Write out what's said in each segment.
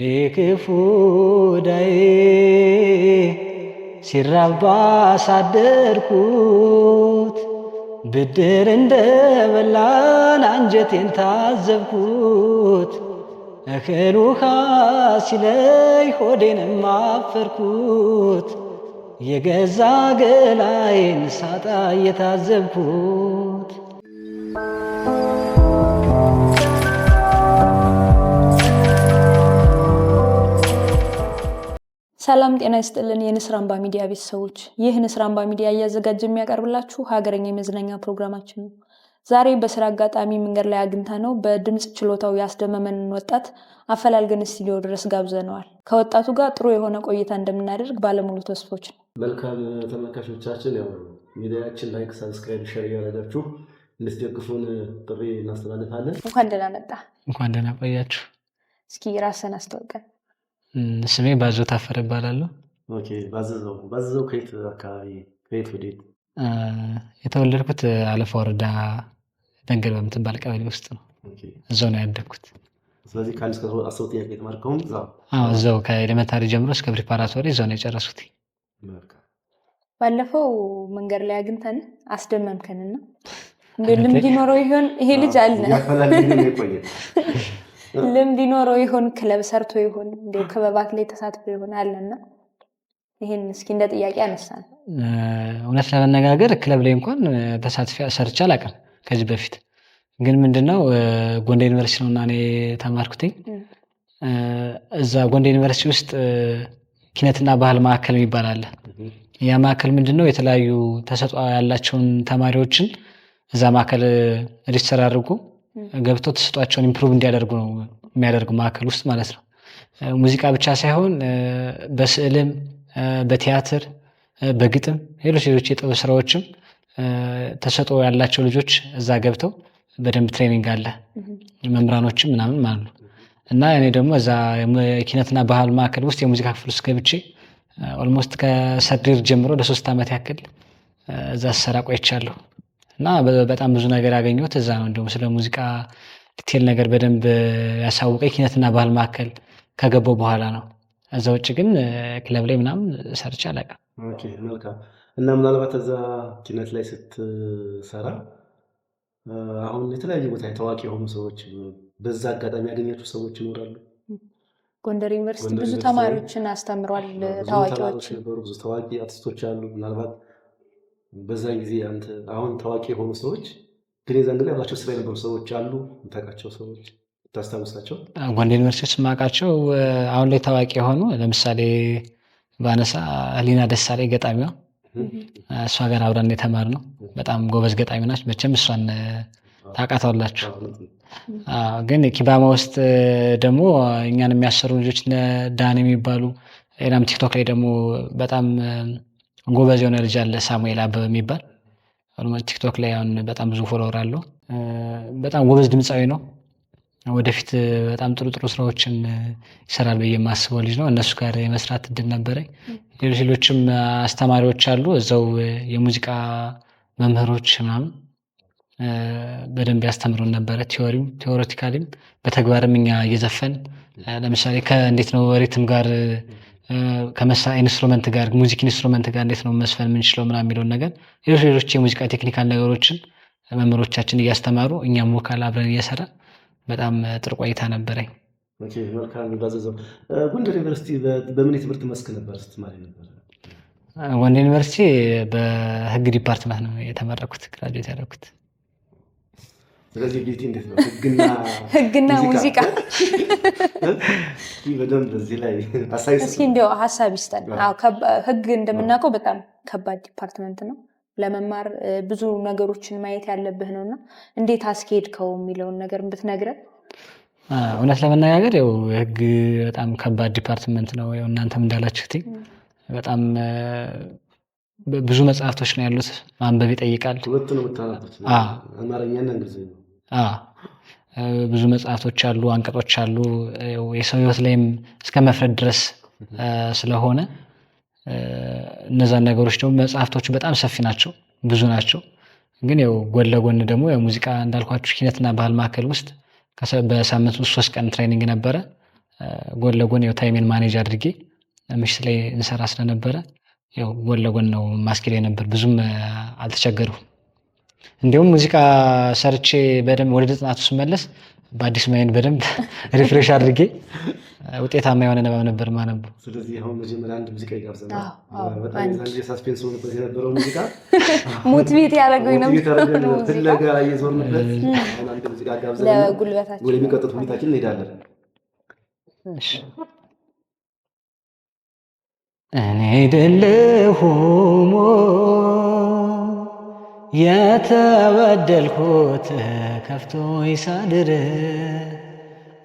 ወደ ክፉ ዳዬ ሲራብ ባሳደርኩት ብድር እንደ በላን አንጀቴን ታዘብኩት እህል ውሃ ሲለይ ሆዴን አፈርኩት የገዛ ገላዬን ሳጣ እየታዘብኩት ሰላም ጤና ይስጥልን። የንስር አምባ ሚዲያ ቤተሰቦች፣ ይህ ንስር አምባ ሚዲያ እያዘጋጀ የሚያቀርብላችሁ ሀገረኛ የመዝናኛ ፕሮግራማችን ነው። ዛሬ በስራ አጋጣሚ መንገድ ላይ አግኝታ ነው በድምፅ ችሎታው ያስደመመንን ወጣት አፈላልገን ስቱዲዮ ድረስ ጋብዘነዋል። ከወጣቱ ጋር ጥሩ የሆነ ቆይታ እንደምናደርግ ባለሙሉ ተስፎች ነው። መልካም ተመልካቾቻችን፣ ያው ሚዲያችን ላይክ፣ ሳብስክራይብ፣ ሸር እያደረጋችሁ እንድትደግፉን ጥሪ እናስተላልፋለን። እንኳን ደህና መጣ። እንኳን ደህና ቆያችሁ። እስኪ ራስን አስታውቀን ስሜ ባዞ ታፈረ እባላለሁ። ኦኬ ባዘዘው ከየት አካባቢ ከየት ወዴት? የተወለድኩት አለፋ ወረዳ ደንገል በምትባል ቀበሌ ውስጥ ነው። እዛው ነው ያደግኩት። ስለዚህ ከአንድ እስከ አስር ጥያቄ የተማርከውም እዛው? እዛው ከኤሌመንታሪ ጀምሮ እስከ ፕሪፓራቶሪ እዛው ነው የጨረስኩት። ባለፈው መንገድ ላይ አግኝተን አስደመምከንና ልምድ ይኖረው ይሆን ይሄ ልጅ አለ ልምድ ይኖረው ይሆን? ክለብ ሰርቶ ይሆን? እንዲ ክበባት ላይ ተሳትፎ ይሆን አለና ይህን እስኪ እንደ ጥያቄ አነሳ። እውነት ለመነጋገር ክለብ ላይ እንኳን ተሳትፎ ሰርቼ አላውቅም ከዚህ በፊት ግን ምንድነው ጎንደር ዩኒቨርሲቲ ነውና እኔ ተማርኩትኝ እዛ ጎንደር ዩኒቨርሲቲ ውስጥ ኪነትና ባህል ማዕከል የሚባል አለ። ያ ማዕከል ምንድነው የተለያዩ ተሰጥኦ ያላቸውን ተማሪዎችን እዛ ማዕከል ሬጅስተር አድርጎ ገብተው ተሰጧቸውን ኢምፕሩቭ እንዲያደርጉ ነው የሚያደርጉ ማዕከል ውስጥ ማለት ነው። ሙዚቃ ብቻ ሳይሆን በስዕልም፣ በቲያትር፣ በግጥም፣ ሌሎች ሌሎች የጥበብ ስራዎችም ተሰጦ ያላቸው ልጆች እዛ ገብተው በደንብ ትሬኒንግ አለ መምህራኖችም ምናምን ማለት ነው። እና እኔ ደግሞ እዛ የኪነትና ባህል ማዕከል ውስጥ የሙዚቃ ክፍል ውስጥ ገብቼ ኦልሞስት ከሰርድር ጀምሮ ለሶስት ዓመት ያክል እዛ ስሰራ ቆይቻለሁ። እና በጣም ብዙ ነገር ያገኘሁት እዛ ነው። እንዲሁም ስለ ሙዚቃ ዲቴል ነገር በደንብ ያሳወቀ ኪነትና ባህል ማዕከል ከገባሁ በኋላ ነው። እዛ ውጭ ግን ክለብ ላይ ምናምን ሰርቼ አላውቅም። እና ምናልባት እዛ ኪነት ላይ ስትሰራ አሁን የተለያዩ ቦታ ታዋቂ የሆኑ ሰዎች በዛ አጋጣሚ ያገኛችሁ ሰዎች ይኖራሉ። ጎንደር ዩኒቨርሲቲ ብዙ ተማሪዎችን አስተምሯል። ታዋቂዎች ነበሩ። ብዙ ታዋቂ አርቲስቶች አሉ። ምናልባት በዛ ጊዜ አንተ አሁን ታዋቂ የሆኑ ሰዎች ግን የዛን ጊዜ አብራቸው ስራ የነበሩ ሰዎች አሉ የምታውቃቸው ሰዎች ታስታውሳቸው? ጎንደር ዩኒቨርሲቲዎች የማውቃቸው አሁን ላይ ታዋቂ የሆኑ ለምሳሌ በአነሳ ህሊና ደሳሌ ገጣሚዋ እሷ ጋር አብረን ነው። በጣም ጎበዝ ገጣሚ ናች። መቼም እሷን ታውቃታላችሁ። ግን ኪባማ ውስጥ ደግሞ እኛን የሚያሰሩ ልጆች ዳን የሚባሉ ሌላም ቲክቶክ ላይ ደግሞ በጣም ጎበዝ የሆነ ልጅ አለ ሳሙኤል አበበ የሚባል ቲክቶክ ላይ አሁን በጣም ብዙ ፎሎወር አለው። በጣም ጎበዝ ድምፃዊ ነው። ወደፊት በጣም ጥሩ ጥሩ ስራዎችን ይሰራል ብዬ የማስበው ልጅ ነው። እነሱ ጋር የመስራት እድል ነበረኝ። ሌሎች ሌሎችም አስተማሪዎች አሉ እዛው የሙዚቃ መምህሮች ምናምን በደንብ ያስተምሩን ነበረ። ቲዎሪም ቴዎሬቲካሊም በተግባርም እኛ እየዘፈን ለምሳሌ ከእንዴት ነው ሪትም ጋር ከመሳ ኢንስትሩመንት ጋር ሙዚክ ኢንስትሩመንት ጋር እንዴት ነው መስፈን የምንችለው ምና የሚለውን ነገር ሌሎች ሌሎች የሙዚቃ ቴክኒካል ነገሮችን መምህሮቻችን እያስተማሩ እኛም ሞካል አብረን እየሰራ በጣም ጥሩ ቆይታ ነበረኝ። ጎንደር ዩኒቨርሲቲ በምን የትምህርት መስክ ነበር ነበር? ጎንደር ዩኒቨርሲቲ በህግ ዲፓርትመንት ነው የተመረኩት፣ ግራጁዌት ያደረኩት። ስለዚህ እንዴት ነው ህግና ሙዚቃ በደንብ እዚህ ላይ እስኪ እንዲያው ሀሳብ ይስጠን። ህግ እንደምናውቀው በጣም ከባድ ዲፓርትመንት ነው። ለመማር ብዙ ነገሮችን ማየት ያለብህ ነው እና እንዴት አስኬድከው የሚለውን ነገር ብትነግረን። እውነት ለመነጋገር ያው ህግ በጣም ከባድ ዲፓርትመንት ነው። ያው እናንተም እንዳላችሁት በጣም ብዙ መጽሐፍቶች ነው ያሉት፣ ማንበብ ይጠይቃል። አማርኛና እንግሊዝኛ ብዙ መጽሐፍቶች አሉ፣ አንቀጦች አሉ። የሰው ህይወት ላይም እስከ መፍረድ ድረስ ስለሆነ እነዛን ነገሮች ደግሞ መጽሐፍቶቹ በጣም ሰፊ ናቸው፣ ብዙ ናቸው። ግን ያው ጎን ለጎን ደግሞ ሙዚቃ እንዳልኳችሁ ኪነትና ባህል ማዕከል ውስጥ በሳምንት ውስጥ ሶስት ቀን ትሬኒንግ ነበረ። ጎን ለጎን ያው ታይሜን ማኔጅ አድርጌ ምሽት ላይ እንሰራ ስለነበረ ያው ጎን ለጎን ነው ማስኬድ የነበር ብዙም አልተቸገርኩም። እንዲሁም ሙዚቃ ሰርቼ በደንብ ወደ ጥናቱ ስመለስ በአዲስ ማይን በደንብ ሪፍሬሽ አድርጌ ውጤታማ የሆነ ንባብ ነበር ማነቡ። ስለዚህ አሁን መጀመሪያ አንድ ሙዚቃ ይጋብዘናል። ሳስፔንስ ሆነበት የነበረው ሙዚቃ ሙት ቤት ያደረገኝ ነው። ፍለጋ እየዞርንበት አንድ ሙዚቃ ጋብዘን ወደሚቀጥሉት ሁኔታችን እንሄዳለን። እኔ አይደለሁም የተበደልኩት ከፍቶ ይሳድር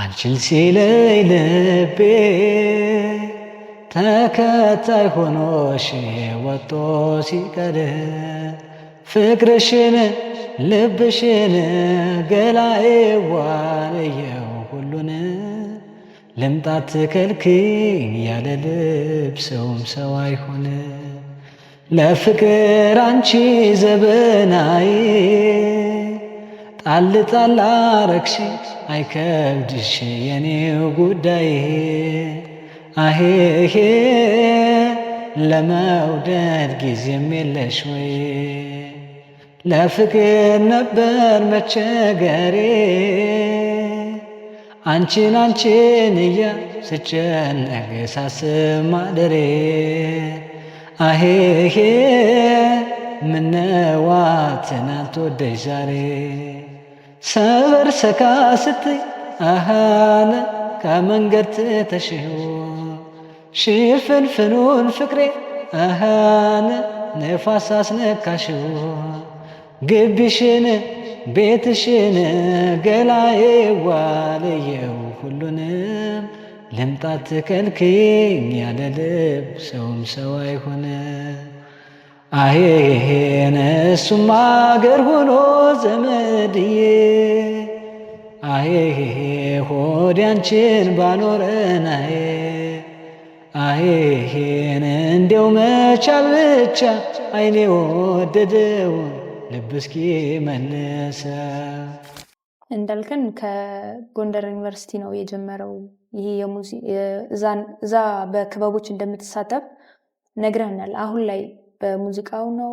አልችል ሲለይ ልቤ ተከታይ ሆኖሽ ወጦ ሲቀር ፍቅርሽን ልብሽን ገላዬ ዋልየው ሁሉን ልምጣት ከልክኝ ያለ ልብ ሰውም ሰው አይሆን ለፍቅር አንቺ ዘበናዬ ጣል ጣል አረግሽ አይከብድሽ የኔው ጉዳይ አሄሄ ለመውደድ ጊዜም የለሽ ወይ ለፍቅር ነበር መቸገሬ አንቺን አንቺን እያ ስጨነቅ ሳስብ ማደሬ አሄሄ ምነዋትን አልትወደይ ዛሬ ሰበር ሰካ ስትይ አሃነ ከመንገድ ትተሽው ሽፍንፍኑን ፍቅሬ አሃነ ነፋስ አስነካሽው ግቢሽን ቤትሽን ገላዬ ዋልየው ሁሉንም ልምጣት ከልክኝ ያለ ልብ ሰውም ሰው አይሆነ አሄሄ ነሱም አገር ሆኖ ዘመድዬ አሄ ሆድ ያንችን ባኖረን አሄ አሄሄን እንዲው መቻል ብቻ አይኔ ወደደው ልብ እስኪ መለሰ እንዳልከን ከጎንደር ዩኒቨርሲቲ ነው የጀመረው ይሄ እዛ በክበቦች እንደምትሳተፍ ነግረህናል። አሁን ላይ በሙዚቃው ነው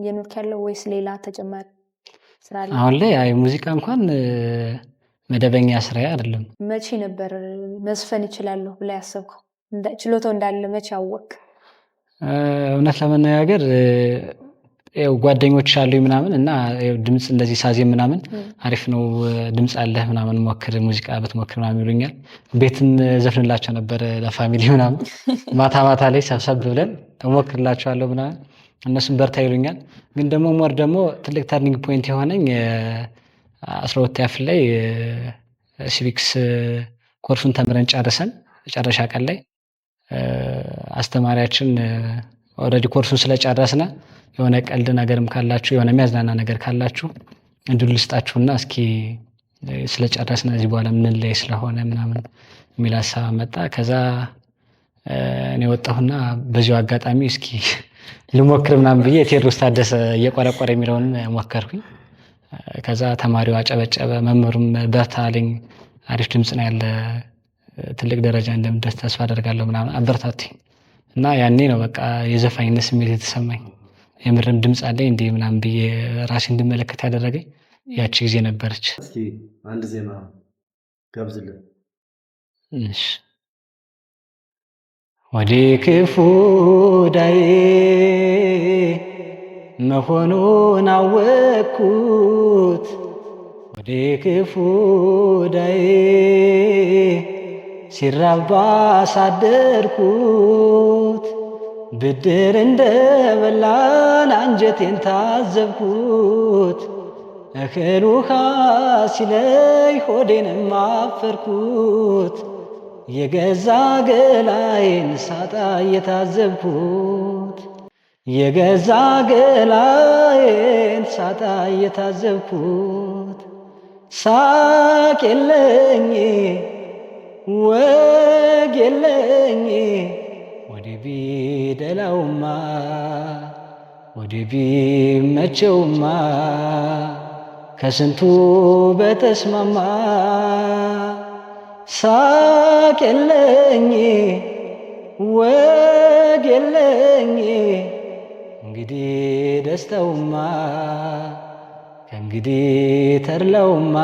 እየኖርክ ያለው ወይስ ሌላ ተጨማሪ ስራ? አሁን ላይ አይ ሙዚቃ እንኳን መደበኛ ስራ አይደለም። መቼ ነበር መዝፈን ይችላለሁ ብላ ያሰብከው? ችሎታው እንዳለ መቼ አወቅ? እውነት ለመነጋገር ያው ጓደኞች አሉኝ ምናምን እና ድምፅ እንደዚህ ሳዜ ምናምን አሪፍ ነው ድምፅ አለህ ምናምን ሞክር ሙዚቃ ብትሞክር ምናምን ይሉኛል። ቤትም ዘፍንላቸው ነበር ለፋሚሊ ምናምን ማታ ማታ ላይ ሰብሰብ ብለን እሞክርላቸዋለሁ ምናምን እነሱም በርታ ይሉኛል። ግን ደግሞ ሞር ደግሞ ትልቅ ተርኒንግ ፖይንት የሆነኝ አስራ ሁለት ያፍ ላይ ሲቪክስ ኮርሱን ተምረን ጨርሰን መጨረሻ ቀን ላይ አስተማሪያችን ኦልሬዲ ኮርሱን ስለጨረስነ የሆነ ቀልድ ነገርም ካላችሁ የሆነ የሚያዝናና ነገር ካላችሁ እንዲሁ ልስጣችሁና እስኪ ስለጨረስን እዚህ በኋላ ምንለይ ስለሆነ ምናምን የሚል ሀሳብ መጣ። ከዛ እኔ ወጣሁና በዚሁ አጋጣሚ እስኪ ልሞክር ምናምን ብዬ ቴዎድሮስ ታደሰ እየቆረቆረ የሚለውን ሞከርኩኝ። ከዛ ተማሪው አጨበጨበ፣ መምህሩም በርታ አለኝ። አሪፍ ድምፅ ነው ያለ ትልቅ ደረጃ እንደምደርስ ተስፋ አደርጋለሁ ምናምን አበረታቱኝ እና ያኔ ነው በቃ የዘፋኝነት ስሜት የተሰማኝ። የምርም ድምፅ አለኝ እንደ ምናምን ብዬ ራሴ እንድመለከት ያደረገኝ ያቺ ጊዜ ነበረች። እስኪ አንድ ዜማ ጋብዝልን። ወደ ክፉ ዳዬ መሆኑን አወቅኩት፣ ወደ ክፉ ዳዬ ሲራባ ሳደርኩት ብድር እንደ በላን አንጀቴን ታዘብኩት። እህል ውሃ ሲለይ ሆዴንም አፈርኩት። የገዛ ገላዬን ሳጣ እየታዘብኩት የገዛ ገላዬን ሳጣ እየታዘብኩት ሳቅ የለኝ ወግ የለኝ ቢደላውማ ወደ ቢመቸውማ ከስንቱ በተስማማ ሳቅ የለኝ ወግ የለኝ እንግዲህ ደስተውማ ከእንግዲህ ተድለውማ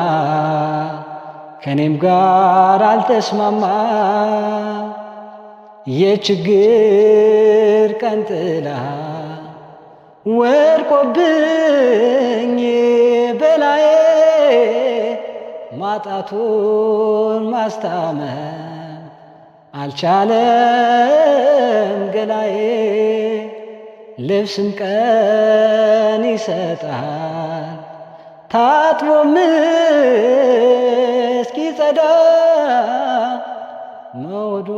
ከእኔም ጋር አልተስማማ የችግር ቀን ጥላ ወድቆብኝ በላዬ ማጣቱን ማስታመም አልቻለም ገላዬ። ልብስም ቀን ይሰጣል ታጥቦም እስኪጸዳ መውዱ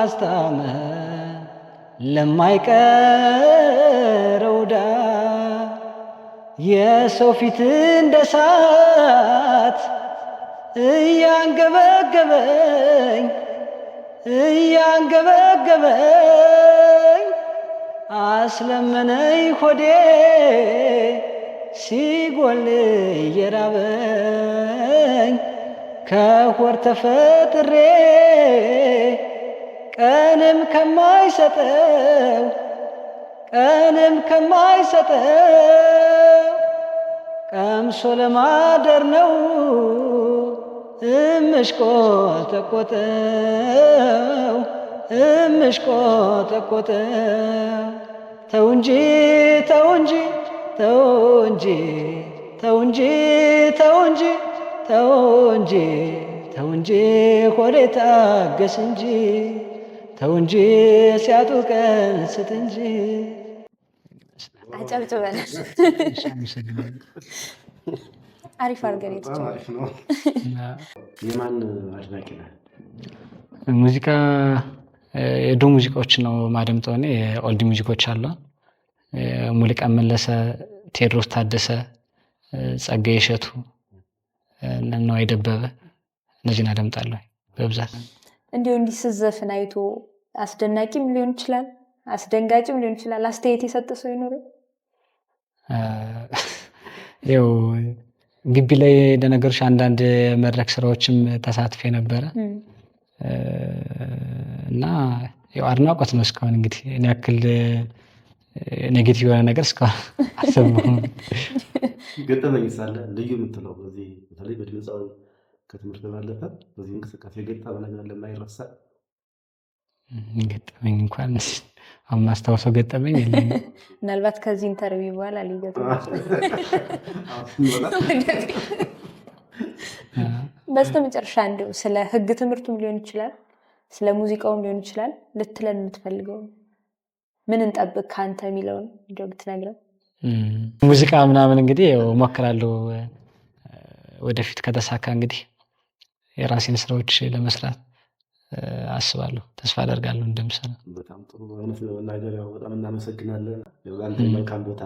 አስታመ ለማይቀረው ዳ የሰው ፊት እንደ ሳት እያንገበገበኝ እያንገበገበኝ አስለመነኝ ሆዴ ሲጎል እየራበኝ ከሆድ ተፈጥሬ ቀንም ከማይሰጠው ቀንም ከማይሰጠው ቀምሶ ለማደር ነው እምሽቆ ተቆጠው እምሽቆ ተቆጠው ተው እንጂ ተው እንጂ ተው እንጂ ተው እንጂ ተው እንጂ ተው እንጂ ተው እንጂ ሆዴ ታገስ እንጂ ተው እንጂ ሲያጡ ቀን ስጥ እንጂ አጨብጭበን አሪፍ አድርገን የማን አድናቂ ነህ? ሙዚቃ የድሮ ሙዚቃዎች ነው ማደምጠው። እኔ የኦልድ ሙዚቃዎች አሉ ሙሉቀን መለሰ፣ ቴዎድሮስ ታደሰ፣ ጸጋዬ እሸቱ፣ ነዋይ ደበበ እነዚህን አደምጣለሁ በብዛት። እንዲሁ እንዲህ ስዘፍን አይቶ አስደናቂም ሊሆን ይችላል፣ አስደንጋጭም ሊሆን ይችላል። አስተያየት የሰጠ ሰው ይኖረ? ይኸው ግቢ ላይ ለነገሮች አንዳንድ መድረክ ስራዎችም ተሳትፌ ነበረ እና ያው አድናቆት ነው። እስካሁን እንግዲህ እኔ ያክል ኔጌቲቭ የሆነ ነገር እስካሁን አልሰማሁም። ገጠመኝ ሳለ ልዩ የምትለው በዚህ በተለይ በድምፃዊ ከትምህርት ባለፈ በዚህ እንቅስቃሴ የገጠመ ነገር አለ ገጠመኝ? እንኳን አሁን ማስታወሰው ገጠመኝ ምናልባት ከዚህ ኢንተርቪው በኋላ ሊገጥ በስተ መጨረሻ እንዲሁ ስለ ህግ ትምህርቱም ሊሆን ይችላል፣ ስለ ሙዚቃውም ሊሆን ይችላል ልትለን የምትፈልገው ምን እንጠብቅ ከአንተ የሚለውን እንዲ ብትነግረን። ሙዚቃ ምናምን እንግዲህ እሞክራለሁ ወደፊት ከተሳካ እንግዲህ የራሴን ስራዎች ለመስራት አስባለሁ። ተስፋ አደርጋለሁ እንደምሰራ። በጣም ጥሩ አይነት ለመናገር ያው በጣም እናመሰግናለን። መልካም ቦታ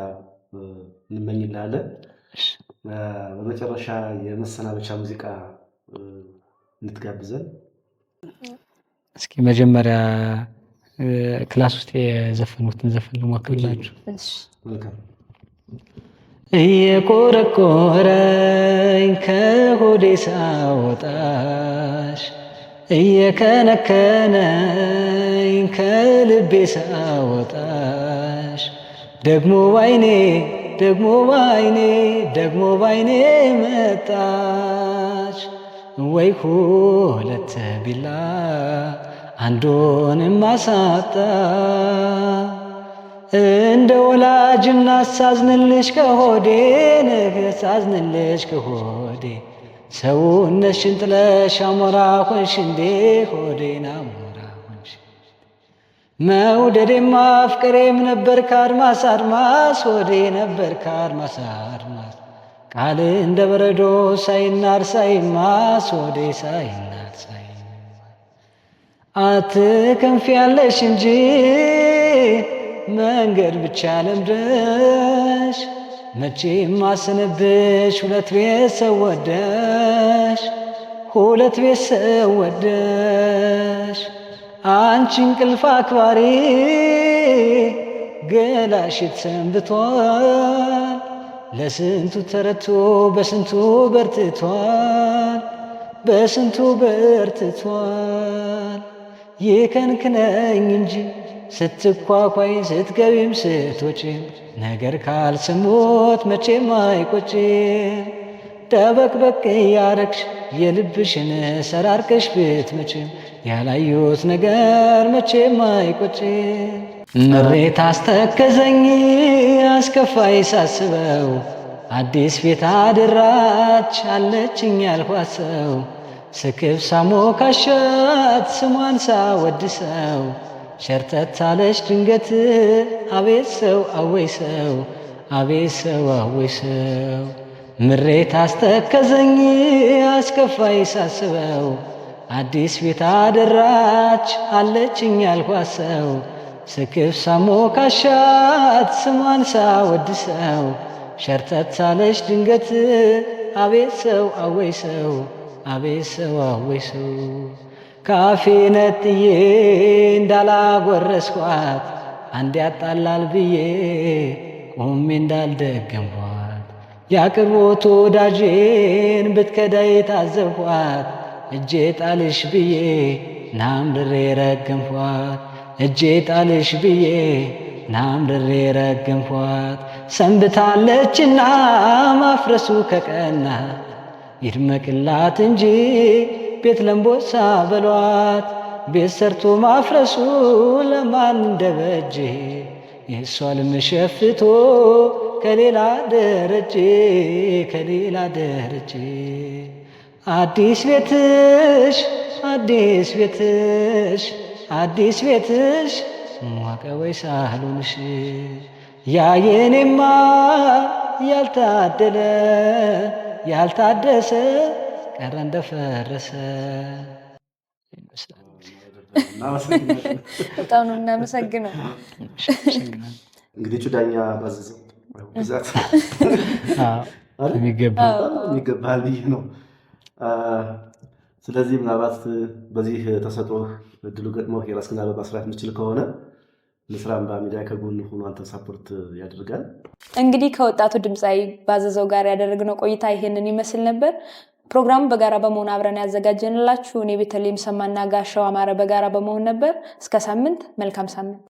እንመኝልሃለን። በመጨረሻ የመሰናበቻ ሙዚቃ እንድትጋብዘን እስኪ መጀመሪያ ክላስ ውስጥ የዘፈኑትን ዘፈን ልሞክርላችሁ። እየቆረቆረኝ ከሆዴ ሳወጣ እየከነከነኝ ከልቤ ሳወጣሽ ደግሞ ባይኔ ደግሞ ባይኔ ደግሞ ባይኔ መጣች ወይ ሁለት ቢላ አንዱን ማሳጣ እንደ ወላጅና ሳዝንልሽ ከሆዴ ነገ ሳዝንልሽ ከሆዴ ሰውነሽን ጥለሽ አሞራ ሆንሽ እንዴ ሆዴን አሞራ ሆንሽ መውደዴም ማፍቀሬም ነበር ከአድማስ አድማስ ሆዴ ነበር ከአድማስ አድማስ ቃል እንደ በረዶ ሳይናር ሳይማስ ሆዴ ሳይናር ሳይ አትከንፊ ያለሽ እንጂ መንገድ ብቻ ለምደሽ መቼ ማስንብሽ ሁለት ቤት ሰወደሽ ሁለት ቤት ሰወደሽ አንቺ እንቅልፍ አክባሪ ገላሽት ሰንብቷል ለስንቱ ተረቶ በስንቱ በርትቷል በስንቱ በርትቷል ይከንክነኝ እንጂ ስትኳኳይ ስትገቢም ስትወጪም ነገር ካልስሞት መቼም አይቆጭም። ጠበቅበቅ እያረግሽ የልብሽን ሰራርቀሽ ብትመጭም ያላዩት ነገር መቼም አይቆጭም። ምሬት አስተከዘኝ አስከፋይ ሳስበው አዲስ ቤት አድራች አለችኝ ያልኳሰው ስክብ ሳሞካሸት ስሟን ሳወድሰው ሸርተት ድንገት አቤት ሰው አወይ ሰው አቤት ሰው አወይ ሰው ምሬት አስተከዘኝ አስከፋይ ሳስበው አዲስ ቤት አደራች አለችኝ ያልኳት ሰው ስክፍ ሳሞካሻት ስሟን ሳወድሰው ሸርተት አለች ድንገት አቤት ሰው አወይ ሰው አቤት ሰው አወይ ሰው ካፌ ነጥዬ እንዳላጎረስኳት አንድ ያጣላል ብዬ ቆሜ እንዳልደገምኳት የአቅርቦት ወዳጄን ብትከዳይ ታዘብኳት እጄ ጣልሽ ብዬ ናምድሬ ረገምኳት እጄ ጣልሽ ብዬ ናምድሬ ረገምኳት ሰንብታለችና ማፍረሱ ከቀና ይድመቅላት እንጂ ቤት ለምቦሳ በሏት ቤት ሰርቶ ማፍረሱ ለማን እንደበጀ የእሷ ልምሸፍቶ ከሌላ ደረጀ ከሌላ ደረጀ አዲስ ቤትሽ አዲስ ቤትሽ አዲስ ቤትሽ ሟቀ ወይ ሳህሉንሽ ያየኔማ ያልታደለ ያልታደሰ ኧረ እንደፈረሰ በጣም ነው እናመሰግነው። እንግዲህ ዳኛ ባዘዘው ብዛት የሚገባል ብዬ ነው። ስለዚህ ምናልባት በዚህ ተሰጦ እድሉ ገጥሞህ የራስህን አበባ መስራት የምችል ከሆነ ንስራ አምባ ሚዲያ ከጎን ሆኖ አንተን ሳፖርት ያደርጋል። እንግዲህ ከወጣቱ ድምፃዊ ባዘዘው ጋር ያደረግነው ቆይታ ይሄንን ይመስል ነበር። ፕሮግራሙ በጋራ በመሆን አብረን ያዘጋጀንላችሁ እኔ ቤተልሔም ሰማና ጋሻው አማረ በጋራ በመሆን ነበር። እስከ ሳምንት፣ መልካም ሳምንት።